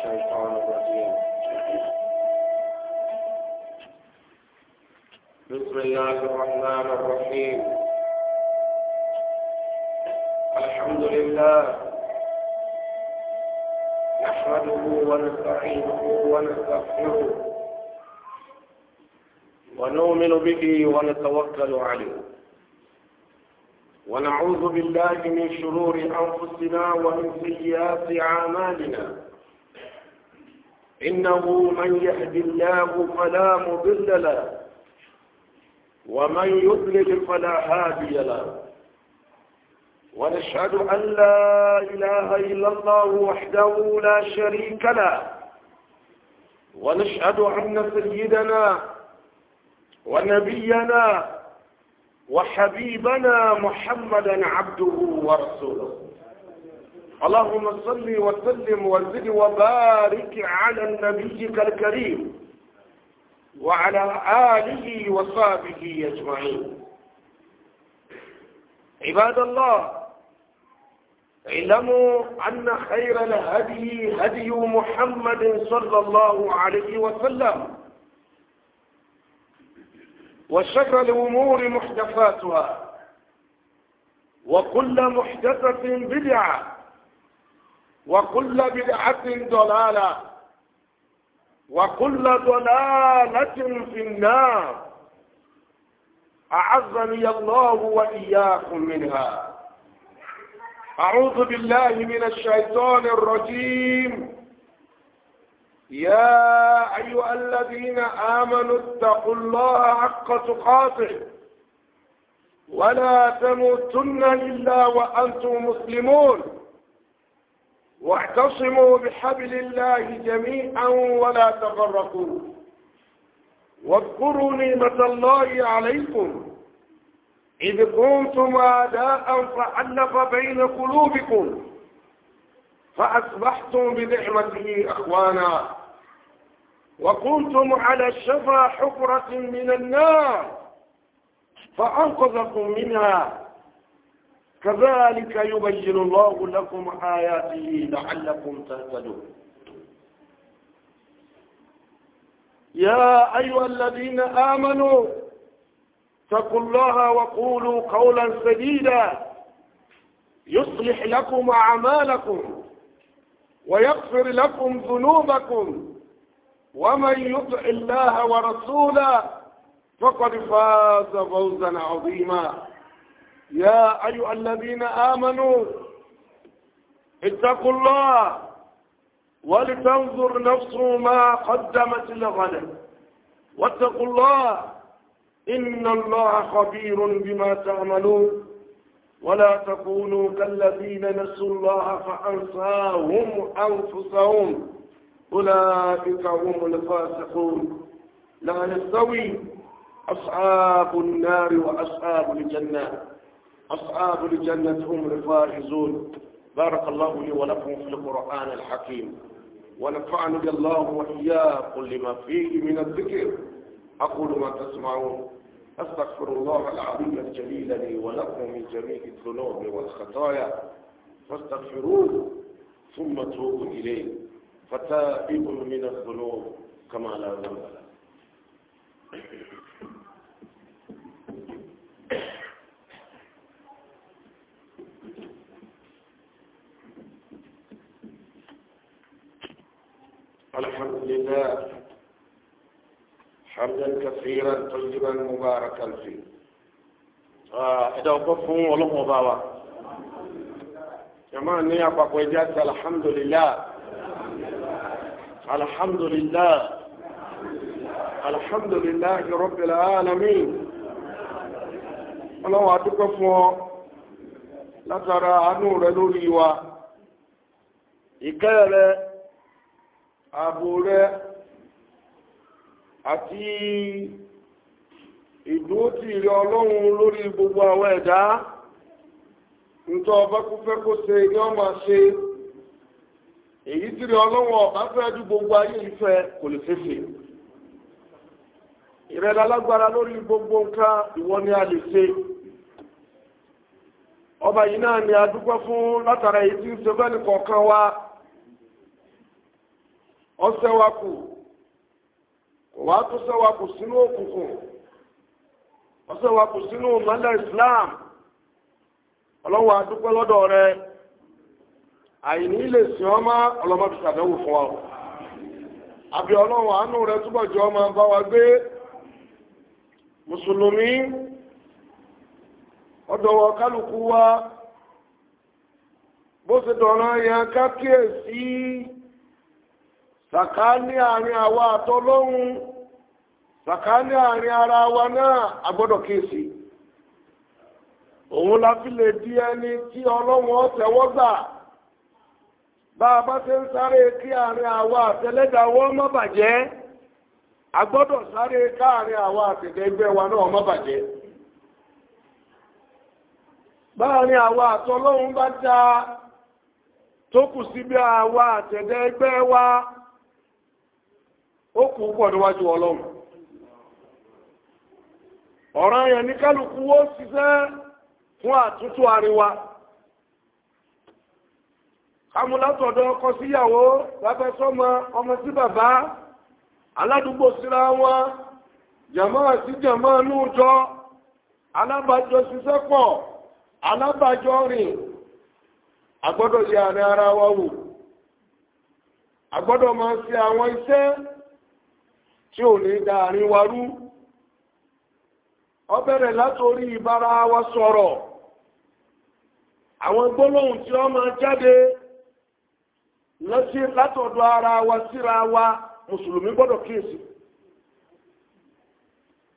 الشيطان الرجيم بسم الله الرحمن الرحيم الحمد لله نحمده ونستعينه ونستغفره ونؤمن به ونتوكل عليه ونعوذ بالله من شرور أنفسنا ومن سيئات أعمالنا إنه من يهد الله فلا مضل له ومن يضلل فلا هادي له ونشهد أن لا إله إلا الله وحده لا شريك له ونشهد أن سيدنا ونبينا وحبيبنا محمدا عبده ورسوله اللهم صل وسلم وزد وبارك على نبيك الكريم وعلى آله وصحبه أجمعين عباد الله اعلموا أن خير الهدي هدي محمد صلى الله عليه وسلم وشر الأمور محدثاتها وكل محدثة بدعة وكل بدعة ضلالة وكل ضلالة في النار أعظني الله وإياكم منها أعوذ بالله من الشيطان الرجيم يا أيها الذين آمنوا اتقوا الله حق تقاته ولا تموتن إلا وأنتم مسلمون واعتصموا بحبل الله جميعا ولا تفرقوا واذكروا نعمة الله عليكم إذ كنتم أداء فألف بين قلوبكم فأصبحتم بنعمته أخوانا وكنتم على شفا حفرة من النار فأنقذكم منها كذلك يبين الله لكم آياته لعلكم تهتدون يا أيها الذين آمنوا اتقوا الله وقولوا قولا سديدا يصلح لكم أعمالكم ويغفر لكم ذنوبكم ومن يطع الله ورسوله فقد فاز فوزا عظيما يا أيها الذين آمنوا اتقوا الله ولتنظر نفس ما قدمت لغد واتقوا الله إن الله خبير بما تعملون ولا تكونوا كالذين نسوا الله فأنساهم أنفسهم أولئك هم الفاسقون لا نستوي أصحاب النار وأصحاب الجنة أصحاب الجنة هم الفائزون بارك الله لي ولكم في القرآن الحكيم ونفعني الله وإياكم لما فيه من الذكر أقول ما تسمعون أستغفر الله العظيم الجليل لي ولكم من جميع الذنوب والخطايا فاستغفروه ثم توبوا إليه فتائب من الذنوب كما لا ذنب له كثيرا طيبا مباركا فيه ẹ̀dá ọkọ̀ fún ọlọ́run ọba wa jama ni apa ẹjẹ́ àti alhamdulillah alhamdulillah alhamdulillah rabbil alamin ọlọ́run àdúgbò fún ọ látara àánú rẹ lórí wa ìkẹ́ rẹ ààbò rẹ àti ìdúró tí ìrẹ ọlọ́run lórí gbogbo àwọn ẹ̀dá ntọ́ ọba kú fẹ́ kó ṣe ni wọ́n máa ṣe èyí tí ọlọ́run ọba gbogbo ayé ìfẹ́ kò lè fèsì ìrẹ lórí gbogbo nǹkan ìwọ ni wa kù kò wá wọ́n sọ wa kù sínú mọ́lẹ̀ Islam ọlọ́wọ́ adúpẹ́ lọ́dọ̀ rẹ àìní lè sìn ọ́ ọlọ́mọ fi fún wa àbí ọlọ́wọ́ rẹ túbọ̀ jọ ọmọ bá wa gbé mùsùlùmí ọdọ̀wọ̀ kálukú wa bó ṣe dọ̀rọ̀ yẹn sàkáání àárín ara wa náà a gbọ́dọ̀ kíyèsí òun la fi lè di ẹni tí ọlọ́wọ́n tẹ̀wọ́ gbà bá a bá ti ń sáré kí àárín àwa àtẹlẹ́dà wọ́n má bàjẹ́ a sáré káàárín àwa àtẹ̀dẹ́gbẹ́ wa náà má bàjẹ́ báàrin àwa àtọlọ́run bá já tó kù sí bí àwa àtẹ̀dẹ́gbẹ́ wa ó kù pọ̀ níwájú ọlọ́run ọ̀ràn yẹn ní kálukú ó ṣiṣẹ́ fún àtúntò àríwá kámúlátọ̀dọ̀ ọkọ síyàwó bàbá sọ́mọ ọmọ sí bàbá aládùúgbò síra wọn jàmọ́ sí jàmọ́ nújọ́ alábàjọ ṣiṣẹ́ pọ̀ alábàjọ rìn agbọ́dọ̀ yà ní ara wa wò agbọ́dọ̀ máa ṣe àwọn iṣẹ́ tí ò ní dá àárín wa ó bẹ̀rẹ̀ látorí ìbára wa sọ̀rọ̀ àwọn gbólóhùn tí ó máa jáde lọ́sí látọ̀dọ̀ ara wa síra wa mùsùlùmí gbọ́dọ̀ kíyèsí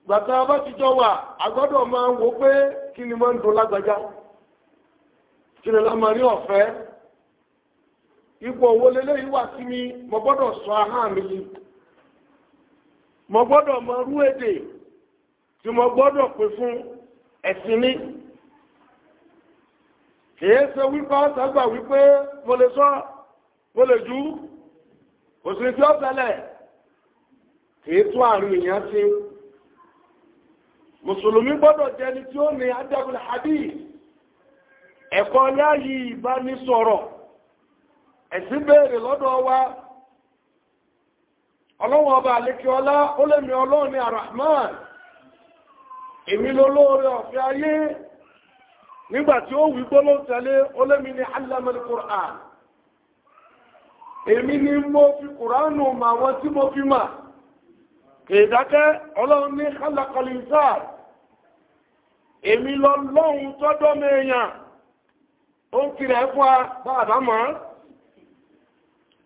gbàtà bá ti jọ wà àgbọ́dọ̀ máa wò pé kí ni máa ń dùn lágbàjá kí ni la máa ọ̀fẹ́ ipò owó leléyìí wà sí mi mo gbọ́dọ̀ sọ ahọ́n mi mo gbọ́dọ̀ mọ rú èdè tí mo gbọ́dọ̀ pè fún ẹ̀sìn mi kìí ṣe wípé ọ̀sán gbà wípé mo lè sọ mo lè jú òsìn tí ó tẹ́lẹ̀ kìí tún àrùn èèyàn sí mùsùlùmí gbọ́dọ̀ jẹ́ ni tí ó ní adẹ́gùn hadith ẹ̀kọ́ láyé ìbánisọ̀rọ̀ ẹ̀sìn béèrè lọ́dọ̀ wa ọlọ́wọ́ ọba àlékí ọlá ó lè mi ọlọ́run ní arahman èmi ló lóore ọ̀fẹ́ ayé nígbàtí ó wí gbóló tẹ̀lé olémi ni allamal Qur'an èmi ni mo fi kùránù ma wọn tí mo fi mà kèèdákẹ́ ọlọ́run ní khalaqal insan èmi lọ lọ́hun tọ́dọ́ mẹ́yàn ó ń kiri ẹ̀kọ́ bá àdámọ́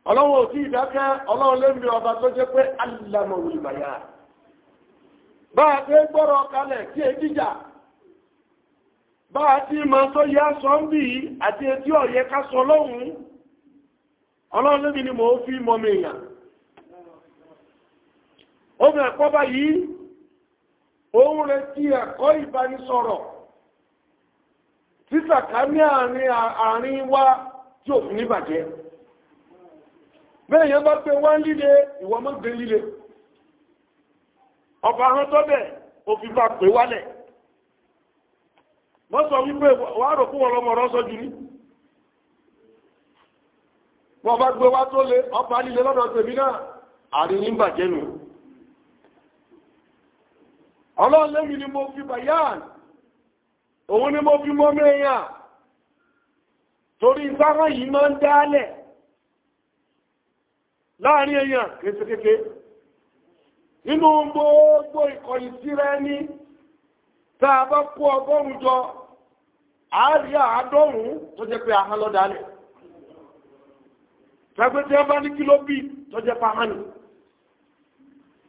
ọlọ́run ò tí ìdákẹ́ ọlọ́run lẹ́mí bá a pé gbọ́rọ̀ kalẹ̀ kí è jíjà bá a ti tó yá sọ ń bí àti etí ọ̀yẹ́ sọ ni mo fi mọ́ mi o omi ẹ̀kọ́ báyìí òun retí ẹ̀kọ́ ìbánisọ̀rọ̀ títàkà ní àárín wa tí òfin ní bàjẹ́ bẹ́ẹ̀ bá pé wá ọba ahọ́n tó bẹ̀ òfin bá pè wálẹ̀ wọ́n sọ wípé wàá rò fún ọlọ́mọ ọ̀rọ̀ sọ jù ní wọ́n bá gbé wá tó lé ọba nílé lọ́dọ̀ tèmi náà àrin ní bàjẹ́ nù ọlọ́run ni mo fi bàyàn òun ni mo fi mọ́ mẹ́yàn torí ìtàrán inú gbogbo ìkọ̀yìn síra ẹni tá a bá kó ọgọ́rùn jọ àárí àádọ́rùn tó jẹ́ pé ahán lọ́dà lẹ̀ tẹ́gbẹ́ tí wọ́n bá ní kíló tó jẹ́ pé ahán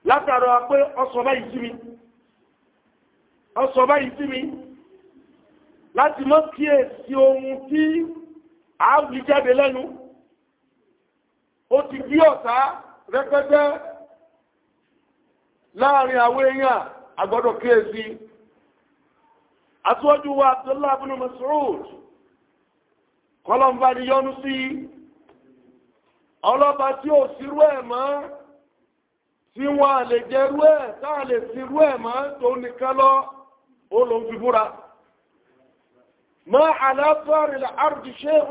látàrọ pé ọsọ báyìí sí mi ọsọ báyìí sí mi láti mọ́ kíyèsí ohun tí àáwí jáde lẹ́nu ó ti bí ọ̀tá rẹpẹtẹ láàrin àwọn èèyàn àgbọ́dọ̀ kíyèsí aṣíwájú wa Abdullah ibn Mas'ud kọlọmbà ni yọ́nú sí ọlọ́ba tí ó sírú ẹ̀ mọ́ tí wọ́n lè jẹ́rú ẹ̀ táà lè sírú ẹ̀ mọ́ tó nìkan lọ ó lòun fi búra ما على طار العرض شيء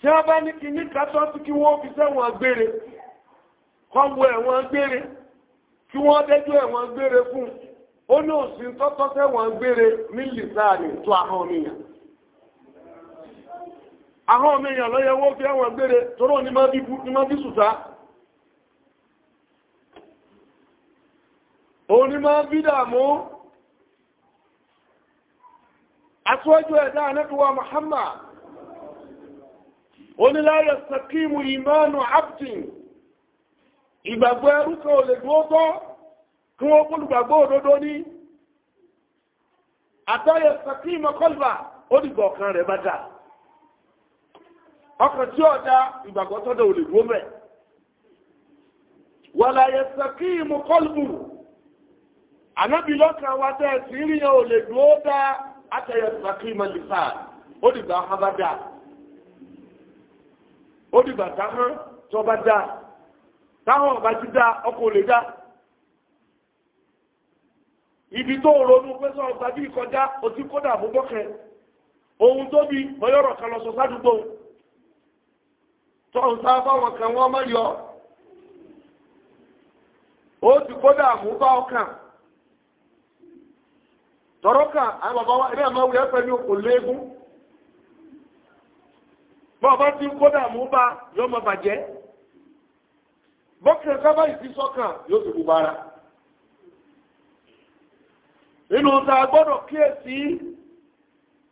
tí a bá ní kí ní kàtọ́ sí kí wọ́n fi sẹ́wọ̀n gbére kọwọ ẹ̀wọ̀n gbére kí wọ́n dẹ́jọ́ ẹ̀wọ̀n fún ó ní òsìn tọ́tọ́ sẹ́wọ̀n ní tó ahọ́n míyàn ahọ́n míyàn lọ́yẹ wọ́n fi ẹ̀wọ̀n gbére tóró ní má bí sùtá Oni ní láyé sàkímù ìmánu abdin ìgbàgbọ́ ẹrúkọ ò lè dúó tọ́ kí wọ́n kúlùgbàgbọ́ òdodo ní àtọ́yẹ sàkímù kọlùbà ó dìgbọ̀ ọ̀kan rẹ̀ bá dà ọkàn tí ọ̀dá ìgbàgbọ́ tọ́dọ̀ ò lè dúó mẹ́ wà láyé ó dìgbà táwọn tó bá dáa ọba ti da ibi tó ronú pé sọ kọjá o ti kódà mú ohun tó bí kan lọ sọ sádùúgbò tó ń sáfà wọn kan wọ́n mọ́ yọ o ti kódà mú bá wa bọ́ọ̀bá ti ń kódà mú bá yóò mọ bàjẹ́ bọ́kìrì sábà ìfi sọ́kàn yóò sì gbogbo ara nínú ta gbọ́dọ̀ kíyèsí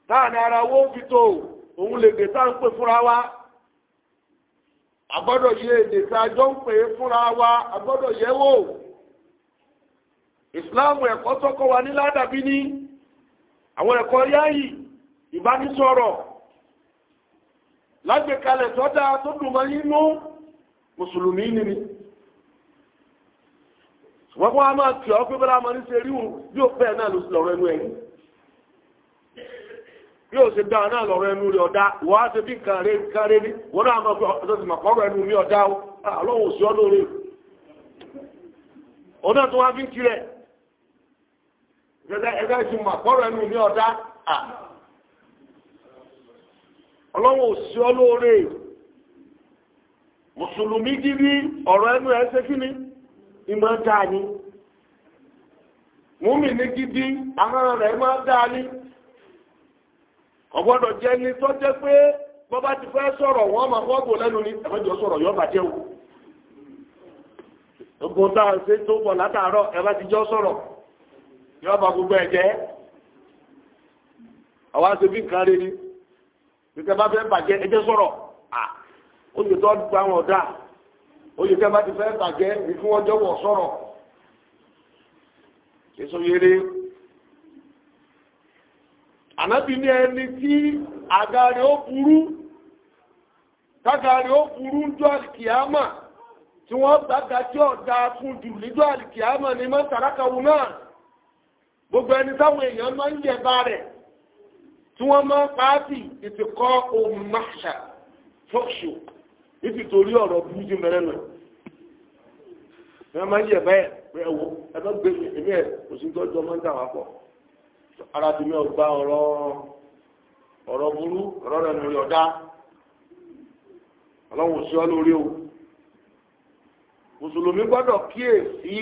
táàní ara wó fi tó òun lè gbé táà ń pè fúnra wa agbọ́dọ̀ yẹ èdè tá ń pè fúnra wa agbọ́dọ̀ yẹ wò ìsìláàmù ẹ̀kọ́ tọ́kọ́ wa ní ládàbí ní àwọn ẹ̀kọ́ yáyì ìbánisọ̀rọ̀ lágbèkalẹ̀ tó dáa tó dùn mọ́ mùsùlùmí ni wọ́n kọ́ a máa kì ọ́ pé bọ́lá máa ṣe ríhùn yóò náà ló ẹnu ẹ̀yìn yóò ṣe dáa náà lọ́rọ̀ ẹnu rẹ̀ ọ̀dá wọ́n á ṣe bí nǹkan ní wọ́n náà ọlọ́wọ́n ò sí mùsùlùmí gidi ọ̀rọ̀ ẹnu ẹ̀ kí ni ìmọ̀ dáa múmi ní gidi ahọ́n rẹ̀ máa dáa ni jẹ́ ni tó jẹ́ pé bọ́bá ti fẹ́ sọ̀rọ̀ wọ́n ma fọ́gbò lẹ́nu ni ẹ̀mẹ́jọ sọ̀rọ̀ yọ bàjẹ́ ogun ṣe tó bọ̀ látàárọ̀ ti jọ sọ̀rọ̀ yọ gbogbo ẹ̀jẹ̀ kíkẹ́ bá fẹ́ bàjẹ́ ẹ sọ̀rọ̀ à tó gba wọn dà oyè tẹ́ bá ti fẹ́ bàjẹ́ ìfún wọn jọ̀wọ́ sọ̀rọ̀ èso yẹrẹ ànábì ní ẹni tí àgàrí ó burú tágàrí ó burú jọ àlìkìyàmà tí wọ́n gbága tí ọ̀dá níjọ́ mọ́ náà gbogbo ẹni táwọn èèyàn máa ń yẹ̀ bá rẹ̀ tí wọ́n máa ń pàátì ìtìkọ́ ohun máṣà fọ́ṣù ìtìtorí ọ̀rọ̀ bújú mẹ́rẹ́nà wọ́n máa ń yẹ̀ bẹ́ẹ̀ ẹ̀wọ̀ ẹ̀fẹ́ gbé èmi ẹ̀ òsì tọ́jú ọmọ ń dà wá pọ̀ ara ti mi ọgbà ọ̀rọ̀ ọ̀rọ̀ burú ọ̀rọ̀ rẹ̀ lórí ọ̀dá ọlọ́run sí ọ lórí o mùsùlùmí gbọ́dọ̀ kíyè sí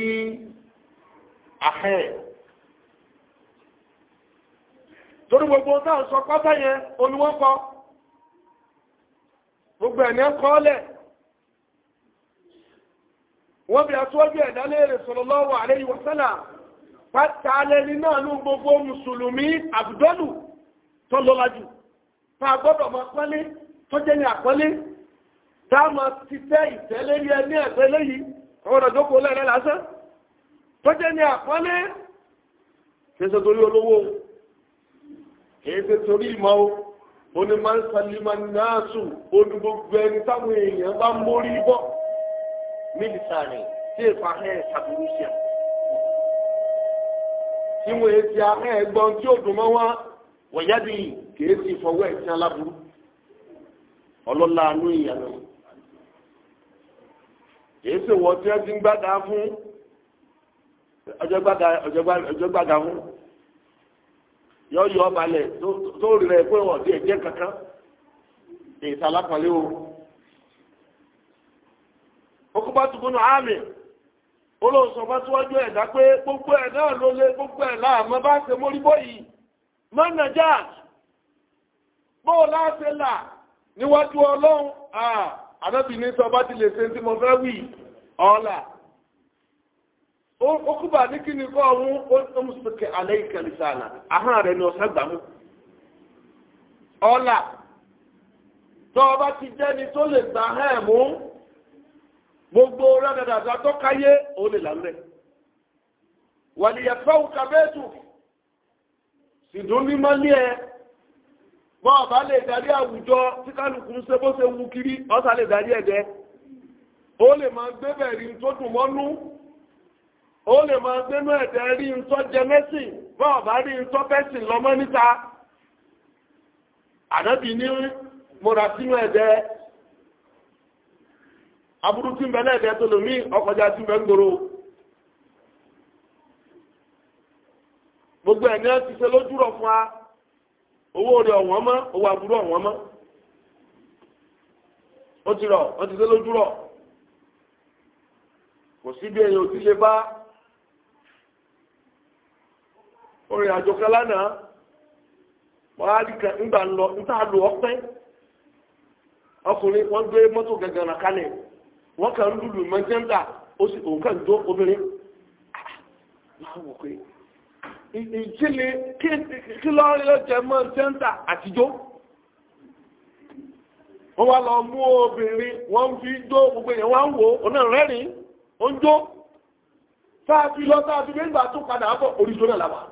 ahẹ́ẹ̀ torí gbogbo táà sọ pátá yẹn olúwọ́kọ́ gbogbo ẹ̀ní ẹ̀kọ́ọ́lẹ̀ wọ́n bí aṣọ́jú ẹ̀dálé rẹ̀ sallallahu alayhi wa sallam pátá lẹ́ni náà ní gbogbo mùsùlùmí àbùdọ́lù tó lọ́lájú tá a gbọ́dọ̀ máa pọ́lé tó jẹ́ ní àpọ́lé tá a máa ti fẹ́ ìtẹ́lé rí ẹni ẹ̀fẹ́ léyìí ọ̀rọ̀ jókòó lẹ́rẹ́ lásán tó jẹ́ ní àpọ́lé kẹsẹ̀ torí olówó èyí torí ìmọ̀ o ó ní máa ń salima náà sùn odù gbogbo ẹni táwọn èèyàn bá mórí bọ́ mílítàrí tí èèpà ẹ̀ ṣàbùrù ṣe tí wọ́n èsì ahẹ́ ẹ̀gbọ́n tí ó dùn mọ́ wá wọ̀nyádì kìí sì fọwọ́ ẹ̀sìn aláburú ọlọ́lá àánú ìyàlọ́ kìí sì wọ́n tí wọ́n ti ń gbàdá fún ọjọ́ fún yọ yọ balẹ̀ tó rí rẹ pé wọ́n ti ẹ̀ jẹ́ kankan èyíta lápàlẹ́ o. okùnbá tuntun náà àmì olóòsàn bá tíwájú ẹ̀dá pé gbogbo ẹ̀ náà ló lé gbogbo ẹ̀ láàmú bá ṣe mórí bóyìí mọ́nàjà bóò láṣẹ là níwájú ọlọ́run àdábìnrin sọ bá ti lè ṣe tí mo fẹ́ wì ọ́là ó kú bá ní kí ni kọ́ ọ̀hún ó ń sọ̀kẹ́ alẹ́ ìkẹlẹ́sà àná àhán rẹ̀ ni ọ̀sán gbàmú. ọ̀la tọ́ ọba ti jẹ́ni tó lè gbà hẹ́ẹ̀ mú gbogbo rẹ́dàdàdà tó káyé ó lè làmúrẹ̀. wàlìyàfẹ́ òkà bẹ́ẹ̀tù sìdúnmí mọ́lé ẹ̀ bọ́ ọba lè darí àwùjọ tí kálukú ń ṣe bó ṣe wù kiri ọ̀sà lè darí ẹ̀dẹ́ ó lè máa tó dùn ó lè máa gbénú ẹ̀dẹ̀ rí ntọ́ jẹmẹ́sìn ma ọ̀bá rí ntọ́ bẹ́sìn pesin níta mọ ní múra sínú ẹ̀dẹ̀ aburú tí ń bẹ lẹ́ẹ̀dẹ̀ tó lòmí ọkọjá tí bẹ ń gbogbo ẹ̀ ní ti ṣe lójúrọ̀ fún wa owó rẹ̀ ọ̀wọ́n mọ́ owó aburú ọ̀wọ́n mọ́ ó ti rọ̀ ó ti ṣe lójúrọ̀ kò sí bí orin àjò lánàá wọ́n á rí kan lọ níta lò ọpẹ́ ọkùnrin wọ́n gbé mọ́tò gẹ̀gẹ̀ rà kalẹ̀ wọ́n ń ó sì òun kàn obìnrin pé ìjìnlẹ̀ kí jẹ àtijọ́ wọ́n wá lọ mú obìnrin wọ́n fi gbogbo èèyàn wò ó náà rẹ́rìn ó ń jó sáà fi lọ sáà fi gbé tó padà bọ̀ orí jóná làwọn.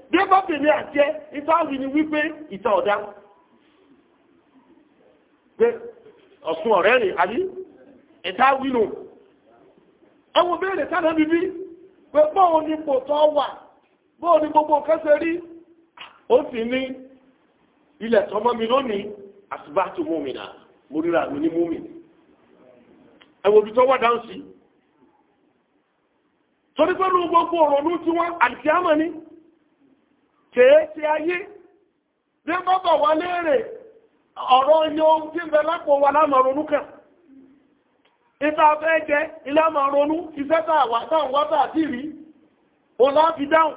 débọ́bìnrin àti ẹ́ ìtàwí ni wípé ìta ọ̀dá pé ọ̀sùn ọ̀rẹ́ rẹ̀ àbí ìtàwí nù ẹwọ bẹ́ẹ̀rẹ̀ tánà bíbí pé bọ́ọ̀ ní pò tọ́ wà bọ́ọ̀ ní gbogbo kẹsẹ̀ rí ó sì ní ilẹ̀ tọmọ́ mi lónìí àsìbá tó mú mi nà mo ríra mi ní mú mi ẹwọ bí tọ́ wà dáhùn sí torí pé gbogbo ọ̀rọ̀ ló ti wọ́n àti àmọ́ ni. kèé ti ayé bí bọ́bọ̀ wà léèrè ọ̀rọ̀ yóò ohun tí ń bẹ lápò wà lámọ̀rọ̀nú kàn ìta fẹ́ jẹ ìlàmọ̀rọ̀nú iṣẹ́ tàwà táwọn rí o láàfi dáhùn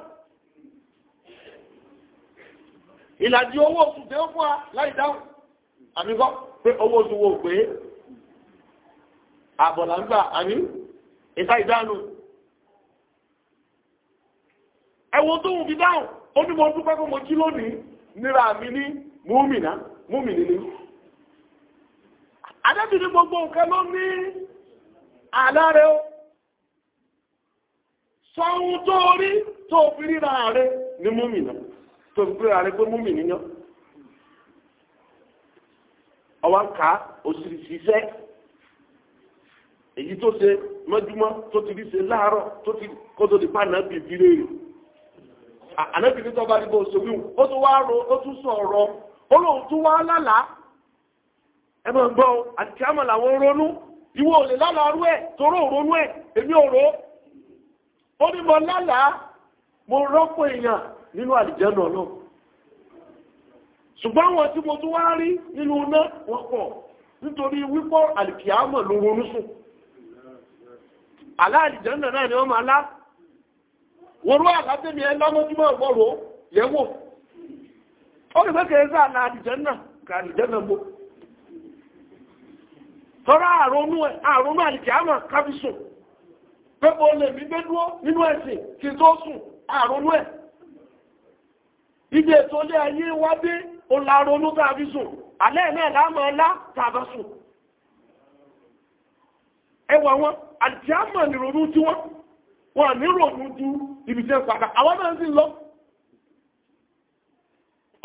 ìlàjì owó ó fún láì dáhùn pé owó pé ó ní mo dúpẹ́ pé lónìí nira mi ní múmìnà múmìnì ni adébì ní gbogbo nǹkan ló ní àlàrẹ o sọ ohun tó rí tó fi ríra rẹ ní múmìnà tó fi ríra rẹ pé múmìnì yàn ọwọ́ ń ka òṣìṣẹ́ èyí tó ṣe mọ́júmọ́ tó ti rí ṣe láàárọ̀ tó ti kó tó di pàánà bìbí léèrè ànábìrì tó bá dìbò sómi ó tún wá ro ó tún sọ ọ̀rọ̀ ó lóun tún wá lálàá ẹ máa ń gbọ́ àti àmọ́ làwọn ronú ìwọ ò lè lálàá rú ẹ̀ toró òronú ẹ̀ èmi ò rò ó ní mo lálàá mo rọ́pò èèyàn nínú àlìjẹ́nà náà ṣùgbọ́n wọn tí mo tún wá rí nínú iná wọ́n pọ̀ nítorí wípọ́ àlìkìámọ̀ ló ronú sùn aláàlìjẹ́nà náà ni wọ́n máa lá wọ́n rú àlátẹ́mi ẹ lọ́mọ́júmọ́ ọ̀gbọ́rọ̀ yẹ̀wò ó rí pẹ́kẹ́ ẹ̀sà àlàdìjẹ́ náà kàdìjẹ́ náà bó tọ́rọ àrùnú àlìkẹ́ káfíṣùn pẹ́pọ̀ olè mi gbé dúró nínú ẹ̀sìn kí tó sùn àrùnú ẹ̀ ẹwà wọn àmà tí wọ́n ní ròmú ju ibi tí ń àwọn náà sì lọ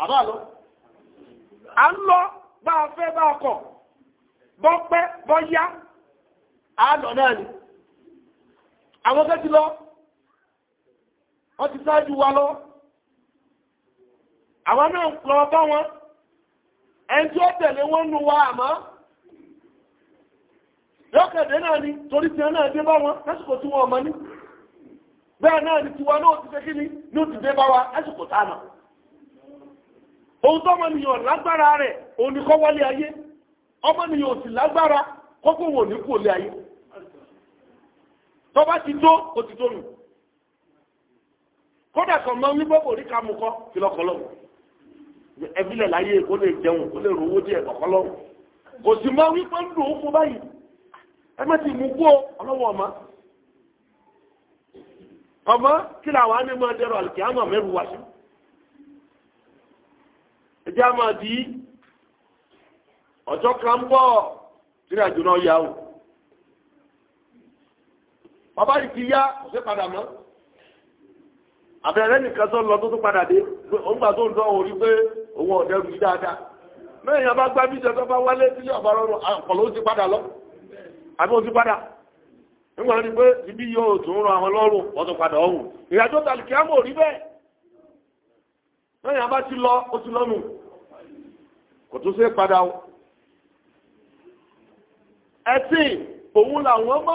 àbá lọ à ń lọ bá a fẹ́ bá a kọ̀ bọ́ a lọ náà ni àwọn ti lọ wọ́n ti sáájú wa lọ àwọn náà lọ bá wọn ẹni tí ó tẹ̀lé wọn nù wa àmọ́ lọ́kẹ̀dẹ̀ náà ni torí tí náà dé bẹ́ẹ̀ náà ni tiwa náà ti kí ni ní ó ti dé bá wa lásìkò tánà ohun tọ́mọnìyàn lágbára rẹ̀ ni ayé ọmọnìyàn ò sì lágbára kókó wò ní kò lé ayé tó bá ti tó ó ti tó nù kódà kan mọ́ ní bọ́bọ̀ orí kàmù kọ́ kí lọ́kọ́lọ́ ẹbílẹ̀ láyé kó lè jẹun kó lè rówó díẹ̀ lọ́kọ́lọ́ kò sì mọ́ wípé ń dùn ó fún báyìí ti mú ọmọ kí làwọn á ní máa dẹrọ àlùkí àmọ́ mẹ́rù wá sí ẹjẹ́ a máa di ọjọ́ kan ń bọ̀ sílẹ̀ àjò náà o bàbá yìí ti yá kò sí padà mọ́ àbẹ̀rẹ̀ nìkan tó lọ tó tó padà dé òun gbà tó ń dán orí pé òun ọ̀dẹ́rù yìí dáadáa mẹ́rin yàrá bá gbá bí ìjọba wálé sílẹ̀ ọ̀bá rọrùn àpọ̀lọ́ ó ti padà lọ àbí ó ti padà. nígbà tó ti pé ibi yóò tún ran àwọn lọ́rùn ọ̀tún padà ọ̀hún ìrìnàjò tàlìkì bẹ́ẹ̀ lẹ́yìn ti lọ ó ti lọ́nu kò tún ṣe padà o òun làwọn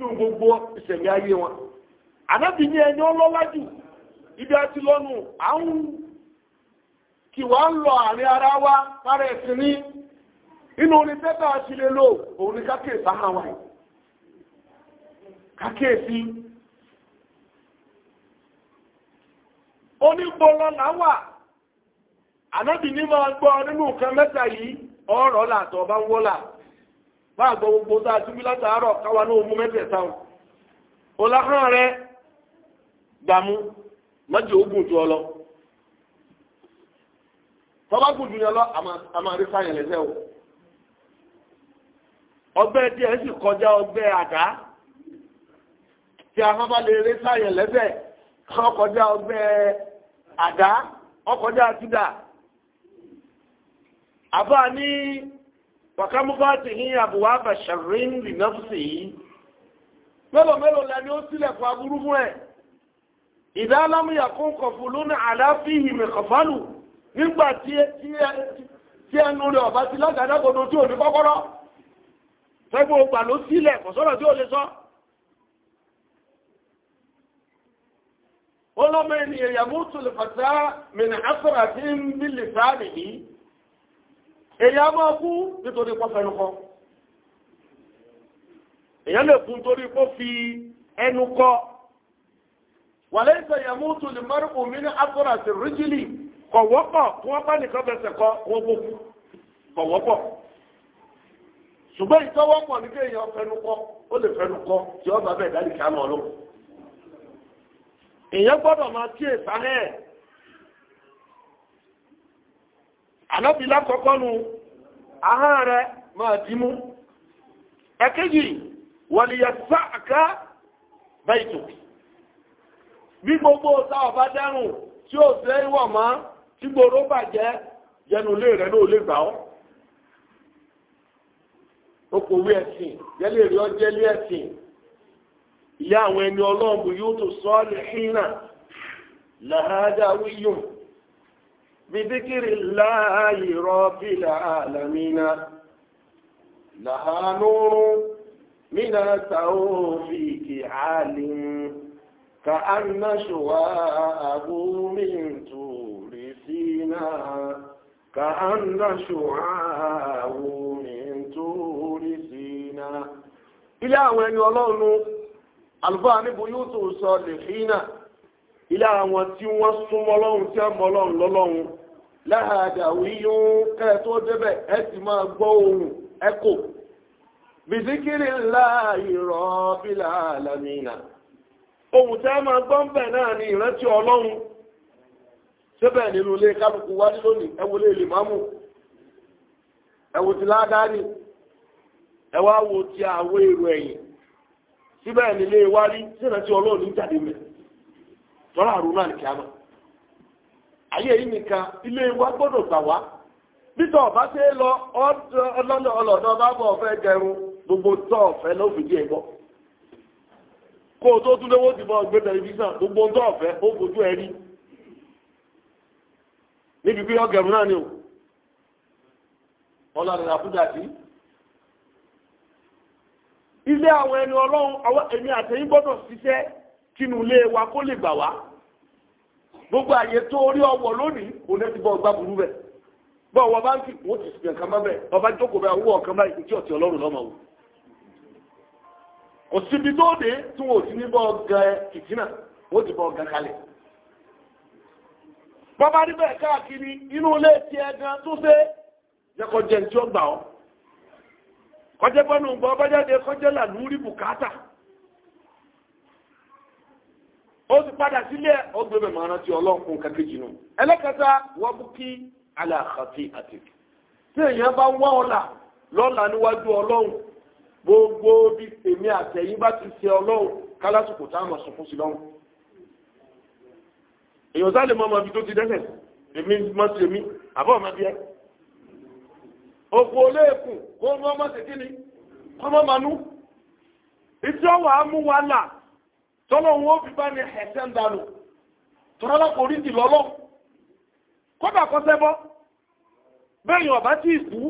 máa gbogbo ìṣẹ̀lẹ̀ ayé wọn ànábì ní ẹni ọlọ́lá ibi a ti à ń kì wá ń ara wa kára ẹ̀sìn ní inú orin tẹ́tà àti lè òun ni kàkíyèsí onígbọ́lọ́ láwà ànábì ní máa gbọ́ nínú nǹkan mẹ́ta yìí ọ̀rọ̀ làtọ̀ bá ń wọ́là bá gbọ́ gbogbo tá a túbí látàárọ̀ káwa ní ogun mẹ́tẹ̀ẹ̀ta rẹ gbàmú mọ́jọ ogun jù ọ lọ sì kọjá ọgbẹ́ àdá tí a máa bá lè ré sáyẹn lẹ́sẹ̀ ọkọjá ọgbẹ́ àdá ọkọjá àtúdà àbá ní wàkámúfà ti ní àbúwá bàṣàrín lìnàfùsì yìí mélòó mélòó lẹni ó sílẹ̀ fún aburú fún ẹ̀ ìdá alámúyà kún kọ̀fù lónà àláfíì mẹ́kànfánù nígbà tí ẹnu rẹ̀ ọ̀bá ti lágàdàgbòdò tí ò ní kọ́kọ́rọ́ fẹ́gbọ́ ògbà ló sílẹ̀ kọ̀sọ́rọ̀ tí ò lè sọ́ ọlọ́mọ ènìyàn yàmútù lùfàtà mìnà afẹ́rà tí ń bí lè sáàrì yìí èyí a máa kú nítorí pọ́ fẹnu kọ èyàn lè kú nítorí pọ́ fi ẹnu kọ wàlẹ́ ìsọ yàmútù lè márùkù mìnà afẹ́rà sí ríjìlì kọ̀ kí wọ́n bá nìkan bẹ̀sẹ̀ kọ èèyàn gbọ́dọ̀ máa kí èsáré ẹ̀ àlọ́bìlá kọ́kọ́ nu ahọ́n rẹ̀ máa dì mú ẹ̀kejì wọ̀lìyà sáàká bẹ́ẹ̀tù bí gbogbo ọ̀sá ọba dẹ́rùn tí ó fẹ́ ìwọ̀ ma tí bà jẹ jẹnu lè rẹ̀ gbà ìyá àwọn ẹni ọlọ́run bù yóò tó sọ àlùhínà làhádà wíyùn bìdíkìrì láàyè rọ́bì làálàmínà làhánúrún mínà tàófìkì àlìm كأن شواءه من طور سيناء كأن شواءه من طور سيناء Ilé àwọn ẹni ọlọ́run àlùfáà ní buyútù sọ lè fínà ilé àwọn tí wọ́n súnmọ́ lọ́hùn tí wọ́n mọ́ lọ́hùn lọ́lọ́hùn láhàdà wíyún kẹ́ tó débẹ̀ ẹ sì máa gbọ́ ohùn ẹkò bìsíkìrì ńlá ìrọ̀ bílà àlàmìnà ohun wo ti ládàá èrò ẹ̀yìn síbẹ̀ nílé wa rí sínú tí ọlọ́run ní jáde mẹ́ tọ́lá àrùn náà nìkan mọ́ ayé yìí nìkan ilé gbọ́dọ̀ gbà wá ṣe lọ ọlọ́dọ̀ ọlọ́dọ̀ bá bọ̀ ọ̀fẹ́ gẹrun gbogbo tọ́ ọ̀fẹ́ kó o tó gbogbo tọ́ ọ̀fẹ́ ó ẹ rí níbi ọgẹrun náà ni ilé àwọn ẹni ọlọ́run èmi àtẹ̀yìn gbọ́dọ̀ ṣiṣẹ́ kínú ilé wa kó lè gbogbo àyè tó orí ọwọ́ lónìí òun ti bọ́ ọgbà burú bọ́ ọwọ́ wọ́n ti bá ọba jókòó owó ọ̀kan báyìí tí ọ̀tí ọlọ́run lọ́mọ wò kò síbi tó dé tí ti ní bọ́ wọ́n tó fẹ́ kọjẹ́ bọ́nù gbọ́ bọ́jáde kọjẹ́ là lórí bùkátà ó ti padà sílẹ̀ ó gbẹ̀bẹ̀ màrán ti ọlọ́kùn kàkejì nù ẹlẹ́kẹta wọ́n bú kí aláàkàtì àti tí èèyàn bá wá ọ̀la lọ́la níwájú ọlọ́run gbogbo bí èmi àtẹ̀yìn bá ti ṣe ọlọ́run kálásùkò tá a fún sí lọ́run èèyàn sáré mọ́ ọmọ ibi tó ti dẹ́sẹ̀ èmi mọ́ sí èmi àbọ̀ ọmọ bí òkú olóòkùn kó mọ́ mọ́ sí kíni ọmọ manú ìtí ọwọ́ amú wa là tọ́lọ́hún ó fi bá ní ẹ̀sẹ̀ ń dànù tọ́lọ́lá kò rí ìdìlọ́lọ́ kódà kọ́sẹ́ bọ́ bẹ́ẹ̀ ọ̀bá tí ì kú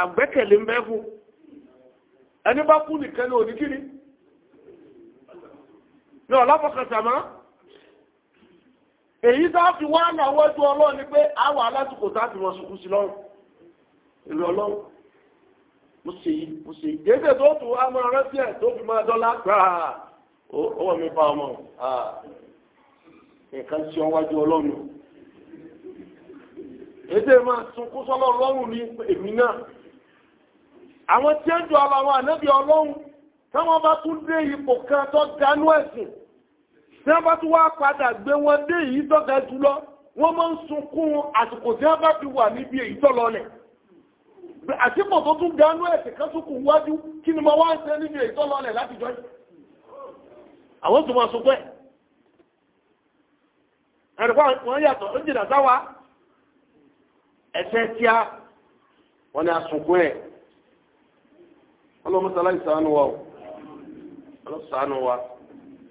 àgbẹ́kẹ̀lé ń bẹ fún ẹni bá kú nìkan ní òní kíni ní ọ̀lá fọkàtà máa èyí tó fi wá náwó ju ọlọ́run ni pé àwọn alásìkò táàbì wọn sunkún sí lọ́rùn èrè ọlọ́run mo ṣe yí mo ṣe yí dédé tó tún wá máa rántí ẹ̀ tó fi máa dọ́là gbàá owó mi bá ọmọ nǹkan tí wọ́n wájú ọlọ́run èdè máa sunkún sọ́lọ́ ọlọ́run ní èmi náà àwọn tí ó jọ àwọn ànábì ọlọ́run táwọn bá tún dé ipò kan tó dánú ẹ̀sìn tí wọ́n bá tún wá padà gbé wọn dé èyí tọ́ga jùlọ wọ́n máa ń sunkún àsìkò tí wọ́n bá fi wà níbi èyí tọ́lọ́lẹ̀ àtìpọ̀ tó tún dánú ẹ̀sẹ̀ kan sunkún wájú kí ni mo wá ń ṣe níbi èyí tọ́lọ́lẹ̀ láti jọ́ àwọn tó máa sunkún ẹ̀ ẹ̀rùpá yàtọ̀ ó jìnà sáwà ẹ̀sẹ̀ tí a wọ́n ni a sunkún ẹ̀ ọlọ́mọsálá ìsànú wa ọlọ́sànú wa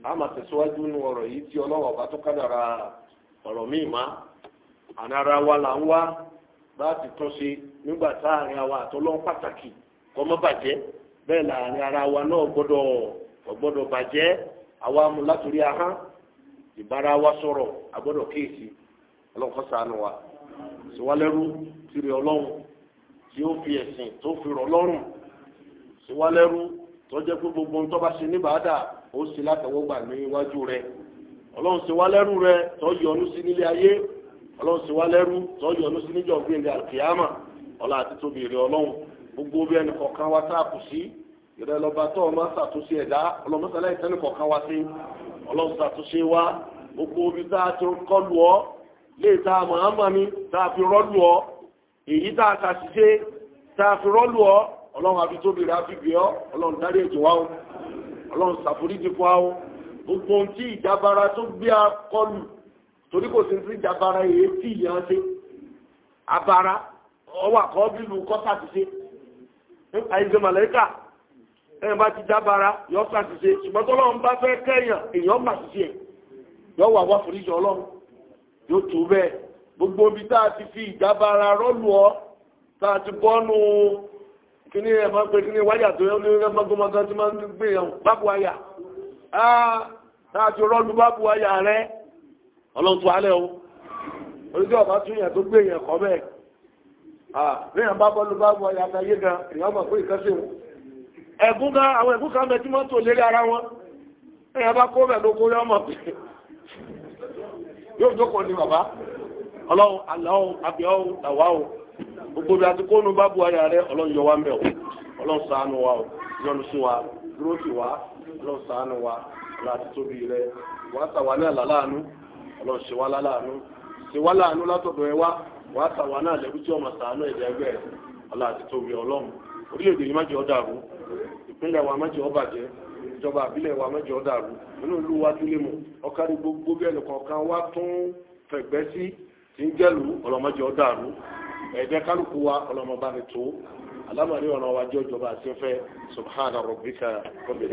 a máa tẹ̀síwájú nínú ọ̀rọ̀ yìí tí ọlọ́wọ́ bá tó kádàrà ọ̀rọ̀ míì má ara wa là ń wá bá ti tún ṣe nígbà táàrin àwa àtọ́lọ́ pàtàkì kọ́ mọ́ bàjẹ́ bẹ́ẹ̀ láàrin ara wa náà gbọ́dọ̀ gbọ́dọ̀ bàjẹ́ àwa wa sọ̀rọ̀ àgbọ́dọ̀ kéèsì wa tọ́jẹ́ pé gbogbo ń tọ́ba ṣe níbàádà ó ṣe látẹ̀wọ́gbà ní iwájú rẹ ọlọ́run ṣe wá lẹ́rú rẹ tọ́yọ̀ọ́nú sí nílé ayé ọlọ́run ṣe wá lẹ́rú tọ́yọ̀ọ́nú sí níjọ́ gbélé àkìyàmà ọlá àti tóbi rẹ ọlọ́run gbogbo bí ẹnì kọ̀ọ̀kan wa tá a kù sí ìrẹ́ lọ́ba tó ọmọ ṣàtúnṣe ẹ̀dá ọlọ́mọṣẹ́lẹ̀ ìtẹ́nì kọ̀ọ̀kan wa sí ọlọ́run ṣàtúnṣe wa gbogbo bí tá a ti kọlu ọ lè ta mọ̀ọ́mọ́ mi tá a fi rọ́lù ọ èyí tá a ṣàṣìṣe tá a fi rọ́lù ọ ọlọ́run abitóbi rẹ̀ àfihàn ọ́ ọlọ́run dárí ètò wa ó ọlọ́run ṣàforíjì fún wa ó gbogbo ohun tí ìjàbára tó gbé akọlù torí kò sí sí ìjàbára èyí tí ìyàn ṣe abara ọwọ́ àkọ́bílù kọ́tà ti ṣe àìsàn màlẹ́kà ẹ̀yìn bá ti dábara yọ ṣàṣìṣe ṣùgbọ́n tó lọ́run bá fẹ́ kẹ́yàn èèyàn mà ṣiṣẹ́ yọ wà wá foríjì ọlọ́run yóò tó bẹ́ẹ̀ gbogbo ibi tá a ti fi ìjàbára rọ́lù ọ́ tá a ti bọ́nu Kini ẹ̀ e máa ń pè kíní wáyà tó yẹ e olóyún náà e gbọ́gbọ́n kan tí máa ń gbé yàn bábu wáyà áá náà ti rọ́ọ̀lù bábu wáyà rẹ ọlọ́run alẹ́ o onídìí ọ̀bá tún yàn tó gbé yàn kọ́ bẹ́ẹ̀ ní yàn bá bọ́ọ̀lù bábu wáyà ta yé gan èèyàn mọ̀ pé ìkẹ́sìn o ẹ̀gún kan àwọn ẹ̀gún kan bẹ tí wọ́n tò lérí ara wọn èèyàn bá kó bẹ̀ lóko yọ mọ̀ gbogbo bí àti kóònù bá buhari ààrẹ ọlọ́run wa sí wa dúró wa wa láti tóbi rẹ wàá tàwa náà láláàánú ọlọ́run ṣe wá ṣe wá láàánú látọ̀dọ̀ ẹ wá wàá tàwa náà lẹ́rú tí ọmọ ṣàánú ẹgbẹ́ tóbi ọlọ́run orílẹ̀-èdè yìí má jẹ́ wa má jẹ́ ìjọba wa má jẹ́ wa mu gbogbo bí ẹnìkan kan wá tún fẹ̀gbẹ́ ẹ̀jẹ̀ kálukú wa ọlọ́mọba ni tó alámọ̀rí ọ̀nà wa jẹ́ òjọba àti ọ̀fẹ́ subhana rabbika rabbil